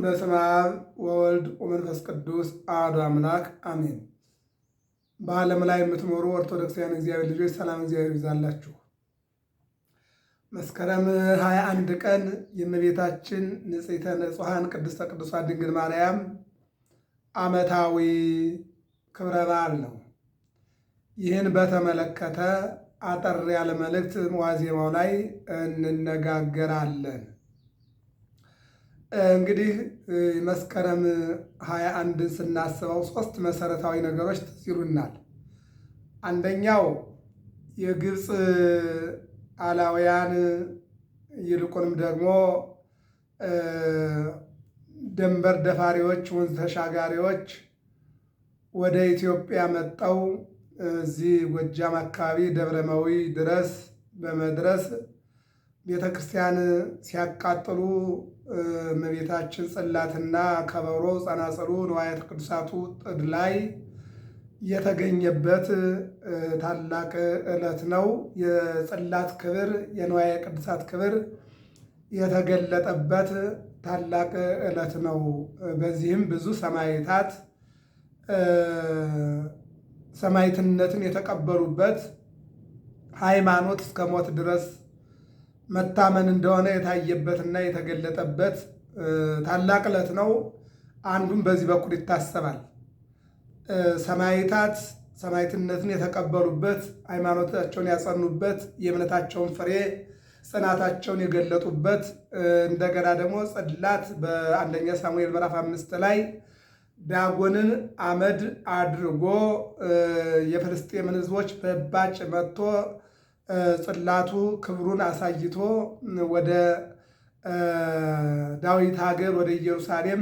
በስመ አብ ወወልድ ወመንፈስ ቅዱስ አሐዱ አምላክ አሜን። በዓለም ላይ የምትኖሩ ኦርቶዶክሳውያን እግዚአብሔር ልጆች ሰላም እግዚአብሔር ይዛላችሁ። መስከረም 21 ቀን የእመቤታችን ንጽሕተ ንጹሐን ቅድስተ ቅዱሳን ድንግል ማርያም ዓመታዊ ክብረ በዓል ነው። ይህን በተመለከተ አጠር ያለ መልእክት ዋዜማው ላይ እንነጋገራለን። እንግዲህ መስከረም 21 አንድን ስናስበው ሶስት መሰረታዊ ነገሮች ትዝ ይሉናል። አንደኛው የግብፅ አላውያን ይልቁንም ደግሞ ድንበር ደፋሪዎች፣ ወንዝ ተሻጋሪዎች ወደ ኢትዮጵያ መጠው እዚህ ጎጃም አካባቢ ደብረመዊ ድረስ በመድረስ ቤተክርስቲያን ሲያቃጥሉ እመቤታችን ጽላትና ከበሮ ጸናጽሉ ንዋያተ ቅዱሳቱ ጥድ ላይ የተገኘበት ታላቅ ዕለት ነው። የጽላት ክብር የንዋየ ቅዱሳት ክብር የተገለጠበት ታላቅ ዕለት ነው። በዚህም ብዙ ሰማይታት ሰማይትነትን የተቀበሉበት ሃይማኖት እስከ ሞት ድረስ መታመን እንደሆነ የታየበትና የተገለጠበት ታላቅ ዕለት ነው። አንዱም በዚህ በኩል ይታሰባል። ሰማይታት ሰማይትነትን የተቀበሉበት፣ ሃይማኖታቸውን ያጸኑበት፣ የእምነታቸውን ፍሬ ጽናታቸውን የገለጡበት እንደገና ደግሞ ጽላት በአንደኛ ሳሙኤል ምዕራፍ አምስት ላይ ዳጎንን አመድ አድርጎ የፍልስጤምን ሕዝቦች በባጭ መጥቶ ጽላቱ ክብሩን አሳይቶ ወደ ዳዊት ሀገር ወደ ኢየሩሳሌም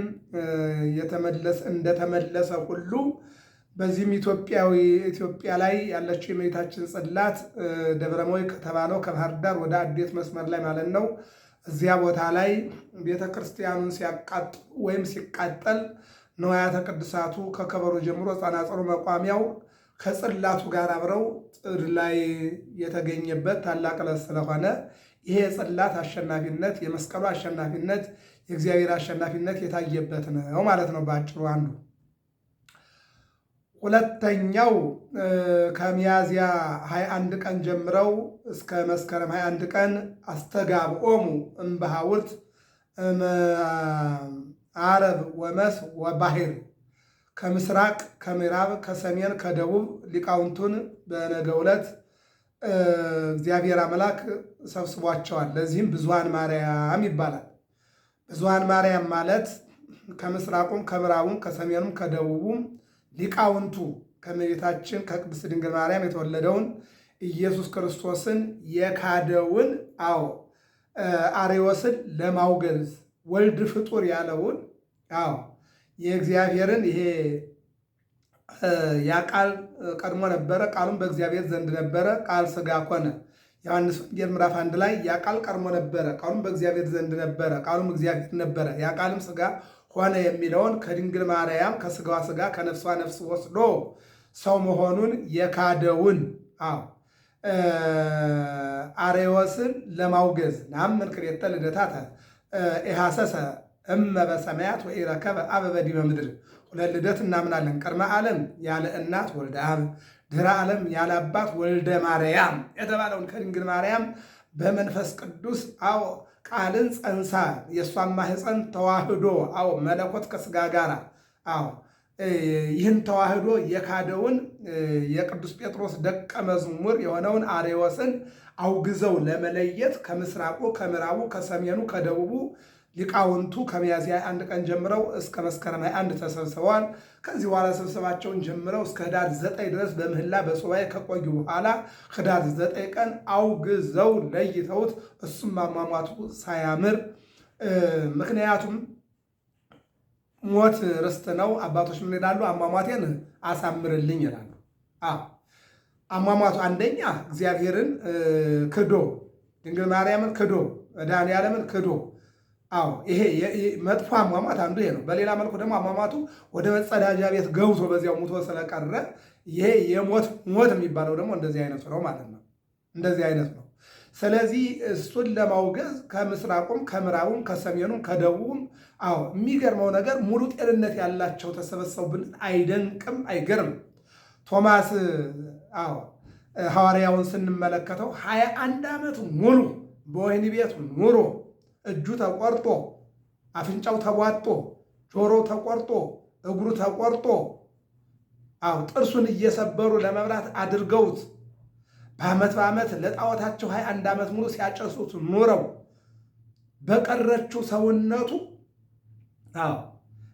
እንደተመለሰ ሁሉ በዚህም ኢትዮጵያዊ ኢትዮጵያ ላይ ያለችው የእመቤታችን ጽላት ደብረሞይ ከተባለው ከባህር ዳር ወደ አዴት መስመር ላይ ማለት ነው። እዚያ ቦታ ላይ ቤተ ክርስቲያኑን ሲያቃጥ ወይም ሲቃጠል ንዋያተ ቅድሳቱ ከከበሮ ጀምሮ ጸናጽሩ መቋሚያው ከጽላቱ ጋር አብረው ጥድ ላይ የተገኘበት ታላቅ ዕለት ስለሆነ ይሄ የጽላት አሸናፊነት የመስቀሉ አሸናፊነት የእግዚአብሔር አሸናፊነት የታየበት ነው ማለት ነው በአጭሩ አንዱ። ሁለተኛው ከሚያዝያ 21 ቀን ጀምረው እስከ መስከረም 21 ቀን አስተጋብኦሙ እምበሐውርት አረብ ወመስ ወባሕር ከምስራቅ፣ ከምዕራብ፣ ከሰሜን፣ ከደቡብ ሊቃውንቱን በነገ ዕለት እግዚአብሔር አምላክ ሰብስቧቸዋል። ለዚህም ብዙሃን ማርያም ይባላል። ብዙሃን ማርያም ማለት ከምስራቁም፣ ከምዕራቡም፣ ከሰሜኑም፣ ከደቡቡም ሊቃውንቱ ከእመቤታችን ከቅድስት ድንግል ማርያም የተወለደውን ኢየሱስ ክርስቶስን የካደውን አዎ አርዮስን ለማውገዝ ወልድ ፍጡር ያለውን አዎ የእግዚአብሔርን ይሄ ያ ቃል ቀድሞ ነበረ፣ ቃሉም በእግዚአብሔር ዘንድ ነበረ፣ ቃል ስጋ ኮነ። ዮሐንስ ወንጌል ምዕራፍ አንድ ላይ ያ ቃል ቀድሞ ነበረ፣ ቃሉም በእግዚአብሔር ዘንድ ነበረ፣ ቃሉም እግዚአብሔር ነበረ፣ ያ ቃልም ስጋ ሆነ የሚለውን ከድንግል ማርያም ከስጋዋ ስጋ ከነፍሷ ነፍስ ወስዶ ሰው መሆኑን የካደውን አዎ አሬዎስን ለማውገዝ ናምን ቅሬተ ልደታተ ኢሃሰሰ እመ በሰማያት ወኢረከበ አብ በዲበ ምድር ሁለት ልደት እናምናለን። ቅድመ ዓለም ያለ እናት ወልደ አብ፣ ድኅረ ዓለም ያለ አባት ወልደ ማርያም የተባለውን ከድንግል ማርያም በመንፈስ ቅዱስ አዎ ቃልን ፀንሳ የእሷን ማህፀን ተዋህዶ አዎ መለኮት ከስጋ ጋር አዎ ይህን ተዋህዶ የካደውን የቅዱስ ጴጥሮስ ደቀ መዝሙር የሆነውን አሬወስን አውግዘው ለመለየት ከምስራቁ ከምዕራቡ ከሰሜኑ ከደቡቡ ሊቃውንቱ ከሚያዝያ አንድ ቀን ጀምረው እስከ መስከረም አንድ ተሰብስበዋል። ከዚህ በኋላ ስብሰባቸውን ጀምረው እስከ ህዳር ዘጠኝ ድረስ በምህላ በሱባኤ ከቆዩ በኋላ ህዳር ዘጠኝ ቀን አውግዘው ለይተውት እሱም ማሟሟቱ ሳያምር ምክንያቱም ሞት ርስት ነው። አባቶች ምን ይላሉ? አሟሟቴን አሳምርልኝ ይላሉ። አሟሟቱ አንደኛ እግዚአብሔርን ክዶ ድንግል ማርያምን ክዶ መድኃኔዓለምን ክዶ አዎ ይሄ መጥፎ አሟሟት አንዱ ይሄ ነው። በሌላ መልኩ ደግሞ አሟሟቱ ወደ መጸዳጃ ቤት ገብቶ በዚያው ሙቶ ስለቀረ ይሄ የሞት ሞት የሚባለው ደግሞ እንደዚህ አይነቱ ነው ማለት ነው። እንደዚህ አይነት ነው። ስለዚህ እሱን ለማውገዝ ከምስራቁም፣ ከምዕራቡም፣ ከሰሜኑም፣ ከደቡቡም አዎ የሚገርመው ነገር ሙሉ ጤንነት ያላቸው ተሰበሰቡ ብንል አይደንቅም፣ አይገርም። ቶማስ አዎ ሐዋርያውን ስንመለከተው ሀያ አንድ ዓመት ሙሉ በወህኒ ቤት ኑሮ እጁ ተቆርጦ አፍንጫው ተቧጦ ጆሮው ተቆርጦ እግሩ ተቆርጦ አው ጥርሱን እየሰበሩ ለመብላት አድርገውት በዓመት በዓመት ለጣዖታቸው ሃያ አንድ ዓመት ሙሉ ሲያጨሱት ኑረው በቀረችው ሰውነቱ አው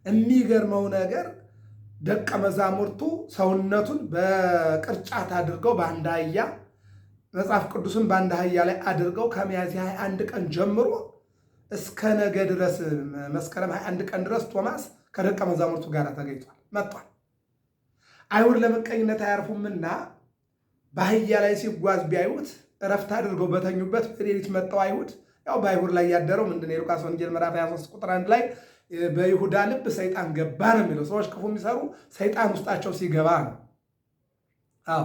የሚገርመው ነገር ደቀ መዛሙርቱ ሰውነቱን በቅርጫት አድርገው በአንድ አህያ መጽሐፍ ቅዱስን በአንድ አህያ ላይ አድርገው ከሚያዝያ 21 ቀን ጀምሮ እስከ ነገ ድረስ መስከረም 21 ቀን ድረስ ቶማስ ከደቀ መዛሙርቱ ጋር ተገኝቷል መጥቷል። አይሁድ ለምቀኝነት አያርፉምና በአህያ ላይ ሲጓዝ ቢያዩት እረፍት አድርገው በተኙበት ሌሊት መጣው አይሁድ ያው በአይሁድ ላይ ያደረው ምንድን ነው? የሉቃስ ወንጌል ምዕራፍ 23 ቁጥር 1 ላይ በይሁዳ ልብ ሰይጣን ገባ ነው የሚለው። ሰዎች ክፉ የሚሰሩ ሰይጣን ውስጣቸው ሲገባ ነው። አዎ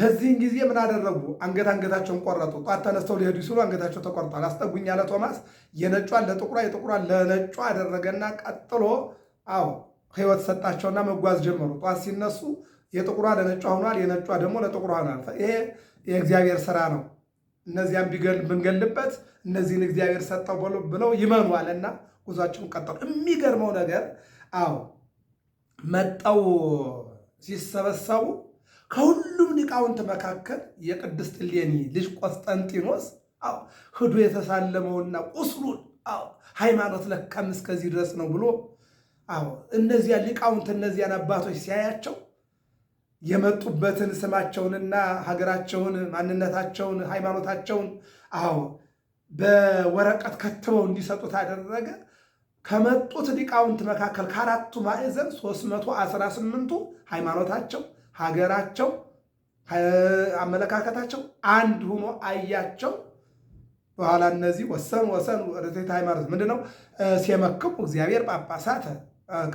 በዚህን ጊዜ ምን አደረጉ? አንገት አንገታቸውን ቆረጡ። ጧት ተነስተው ሊሄዱ ሲሉ አንገታቸው ተቆርጧል። አስጠጉኝ ያለ ቶማስ የነጯን ለጥቁሯ የጥቁሯን ለነጯ አደረገና ቀጥሎ አዎ ህይወት ሰጣቸውና መጓዝ ጀመሩ። ጧት ሲነሱ የጥቁሯ ለነጯ ሆኗል፣ የነጯ ደግሞ ለጥቁሯ ሆኗል። ይሄ የእግዚአብሔር ስራ ነው። እነዚያም ብንገልበት እነዚህን እግዚአብሔር ሰጠው ብለው አለና ጉዟቸውን ቀጠሉ። የሚገርመው ነገር አዎ መጠው ሲሰበሰቡ ከሁሉም ሊቃውንት መካከል የቅድስት እሌኒ ልጅ ቆስጠንጢኖስ አዎ ሂዶ የተሳለመውና ቁስሉን አዎ ሃይማኖት ለካም እስከዚህ ድረስ ነው ብሎ አዎ እነዚያ ሊቃውንት እነዚያን አባቶች ሲያያቸው የመጡበትን ስማቸውንና ሀገራቸውን፣ ማንነታቸውን፣ ሃይማኖታቸውን አዎ በወረቀት ከትበው እንዲሰጡት አደረገ። ከመጡት ሊቃውንት መካከል ከአራቱ ማዕዘን አስራ ቱ ሃይማኖታቸው ሀገራቸው፣ አመለካከታቸው አንድ ሆኖ አያቸው። በኋላ እነዚህ ወሰን ወሰን ርትዕት ሃይማኖት ምንድን ነው? ሲመክሙ እግዚአብሔር ጳጳሳት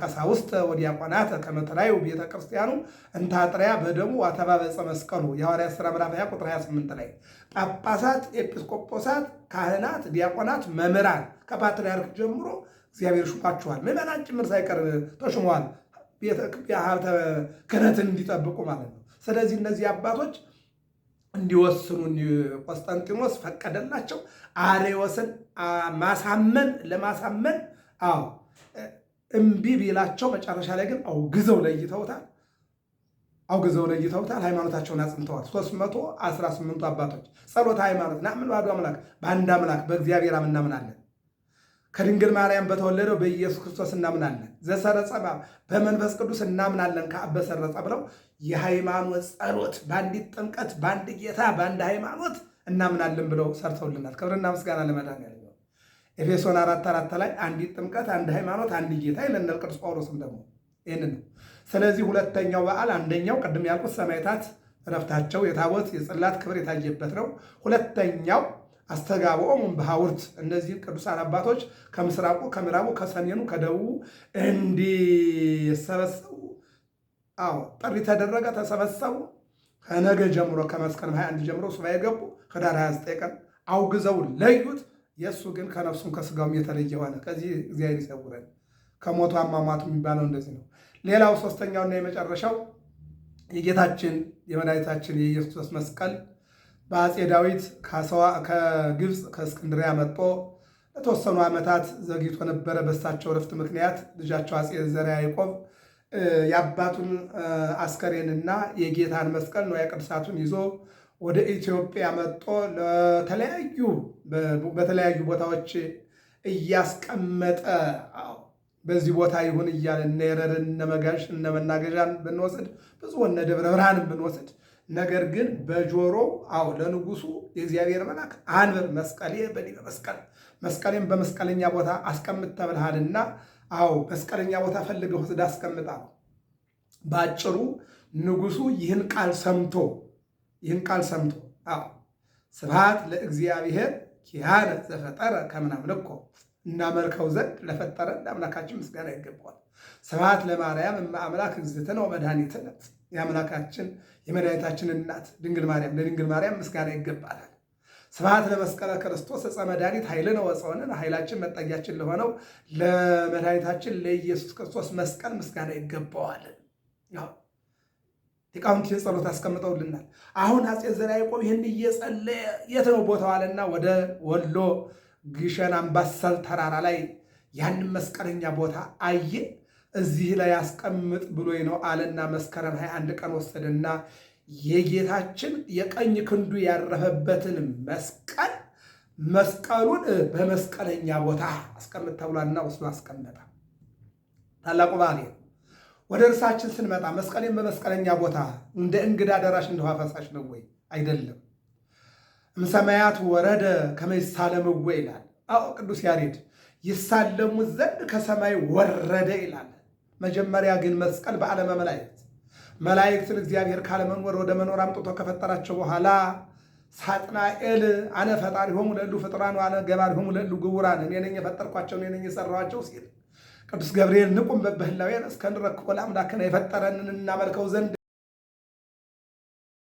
ቀሳውስት ወዲያቆናት ከመተላዩ ቤተክርስቲያኑ እንታጥሪያ በደሙ አተባበጸ መስቀሉ የሐዋርያት ሥራ ምዕራፍ 20 ቁጥር 28 ላይ ጳጳሳት፣ ኤጲስቆጶሳት፣ ካህናት፣ ዲያቆናት፣ መምህራን ከፓትርያርክ ጀምሮ እግዚአብሔር ሹሟቸዋል። ምዕመናን ጭምር ሳይቀር ተሹመዋል። ሀብተ ክህነትን እንዲጠብቁ ማለት ነው። ስለዚህ እነዚህ አባቶች እንዲወስኑ ቆስጠንጢኖስ ፈቀደላቸው። አሬዎስን ማሳመን ለማሳመን አዎ እምቢ ቢላቸው መጨረሻ ላይ ግን አውግዘው ለይተውታል። አውግዘው ለይተውታል። ሃይማኖታቸውን አጽንተዋል። አባቶች ጸሎተ ሃይማኖት ናምን ባዶ አምላክ በአንድ አምላክ በእግዚአብሔር አምናምናለን ከድንግል ማርያም በተወለደው በኢየሱስ ክርስቶስ እናምናለን። ዘሰረጸ በመንፈስ ቅዱስ እናምናለን ከአብ በሰረጸ ብለው የሃይማኖት ጸሎት በአንዲት ጥምቀት፣ በአንድ ጌታ፣ በአንድ ሃይማኖት እናምናለን ብለው ሰርተውልናል። ክብርና ምስጋና ለመድኃኒዓለም። ኤፌሶን አራት አራት ላይ አንዲት ጥምቀት፣ አንድ ሃይማኖት፣ አንድ ጌታ ይለናል። ቅዱስ ጳውሎስም ደግሞ ይህን ነው። ስለዚህ ሁለተኛው በዓል አንደኛው ቅድም ያልኩት ሰማዕታት እረፍታቸው የታቦት የጽላት ክብር የታየበት ነው። ሁለተኛው አስተጋብኦሙም በሐውርት እነዚህ ቅዱሳን አባቶች ከምስራቁ፣ ከምዕራቡ፣ ከሰሜኑ፣ ከደቡቡ እንዲሰበሰቡ አዎ ጥሪ ተደረገ። ተሰበሰቡ። ከነገ ጀምሮ ከመስከረም 21 ጀምሮ ሱባኤ ገቡ። ህዳር 29 ቀን አውግዘው ለዩት። የእሱ ግን ከነፍሱም ከስጋውም የተለየ ሆነ። ከዚህ እግዚአብሔር ይሰውረን። ከሞቱ አሟሟቱ የሚባለው እንደዚህ ነው። ሌላው ሶስተኛውና የመጨረሻው የጌታችን የመድኃኒታችን የኢየሱስ መስቀል በአጼ ዳዊት ከግብፅ ከእስክንድሪያ መጥቶ ለተወሰኑ ዓመታት ዘግይቶ ነበረ። በሳቸው ረፍት ምክንያት ልጃቸው አጼ ዘርዓ ያዕቆብ የአባቱን አስከሬንና የጌታን መስቀል ንዋየ ቅድሳቱን ይዞ ወደ ኢትዮጵያ መጥቶ ለተለያዩ በተለያዩ ቦታዎች እያስቀመጠ በዚህ ቦታ ይሁን እያለ እነ የረርን እነ እነ መናገዣን ብንወስድ ብዙ እነ ደብረ ብርሃንን ብንወስድ ነገር ግን በጆሮ አዎ ለንጉሱ የእግዚአብሔር መልአክ አንብር መስቀሌ በዲበ መስቀል መስቀሌም በመስቀለኛ ቦታ አስቀምጥ ተብልሃልና፣ አዎ መስቀለኛ ቦታ ፈልገው ስዳ አስቀምጥ አለው። በአጭሩ ንጉሱ ይህን ቃል ሰምቶ ይህን ቃል ሰምቶ አዎ ስብሐት ለእግዚአብሔር ኪያነ ዘፈጠረ ከምናምልኮ እናመልከው ዘንድ ለፈጠረ ለአምላካችን ምስጋና ይገባዋል። ስብሐት ለማርያም እመ አምላክ እግዝእትነ ወመድኃኒትነ የአምላካችን የመድኃኒታችን እናት ድንግል ማርያም ለድንግል ማርያም ምስጋና ይገባታል። ስብሐት ለመስቀለ ክርስቶስ ዕፀ መድኃኒት ኃይልነ ወፀወንን ኃይላችን መጠጊያችን ለሆነው ለመድኃኒታችን ለኢየሱስ ክርስቶስ መስቀል ምስጋና ይገባዋል። ሊቃውንት የጸሎት አስቀምጠውልናል። አሁን አፄ ዘርዓ ያዕቆብ ይህን እየጸለየ የት ነው ቦታው አለና ወደ ወሎ ግሸን አምባሰል ተራራ ላይ ያንን መስቀለኛ ቦታ አየ። እዚህ ላይ አስቀምጥ ብሎኝ ነው አለና መስከረም 21 ቀን ወሰደና የጌታችን የቀኝ ክንዱ ያረፈበትን መስቀል መስቀሉን በመስቀለኛ ቦታ አስቀምጥ ተብሏና ወስዶ አስቀመጠ። ታላቁ ባህሌ ወደ እርሳችን ስንመጣ መስቀሌን በመስቀለኛ ቦታ እንደ እንግዳ ደራሽ እንደ ውሃ ፈሳሽ ነው ወይ? አይደለም። እምሰማያት ወረደ ከመ ይሳለምዎ ይላል። አዎ ቅዱስ ያሬድ ይሳለሙት ዘንድ ከሰማይ ወረደ ይላል። መጀመሪያ ግን መስቀል በዓለመ መላእክት መላእክትን እግዚአብሔር ካለመኖር ወደ መኖር አምጥቶ ከፈጠራቸው በኋላ ሳጥናኤል አነ ፈጣሪሆሙ ለእሉ ፍጥራን አነ ገባሪሆሙ ለእሉ ግውራን እኔ ነኝ የፈጠርኳቸው እኔ ነኝ የሰራኋቸው ሲል ቅዱስ ገብርኤል ንቁም በበህላውያን እስከንረክቦ ለአምላክን የፈጠረንን እናመልከው ዘንድ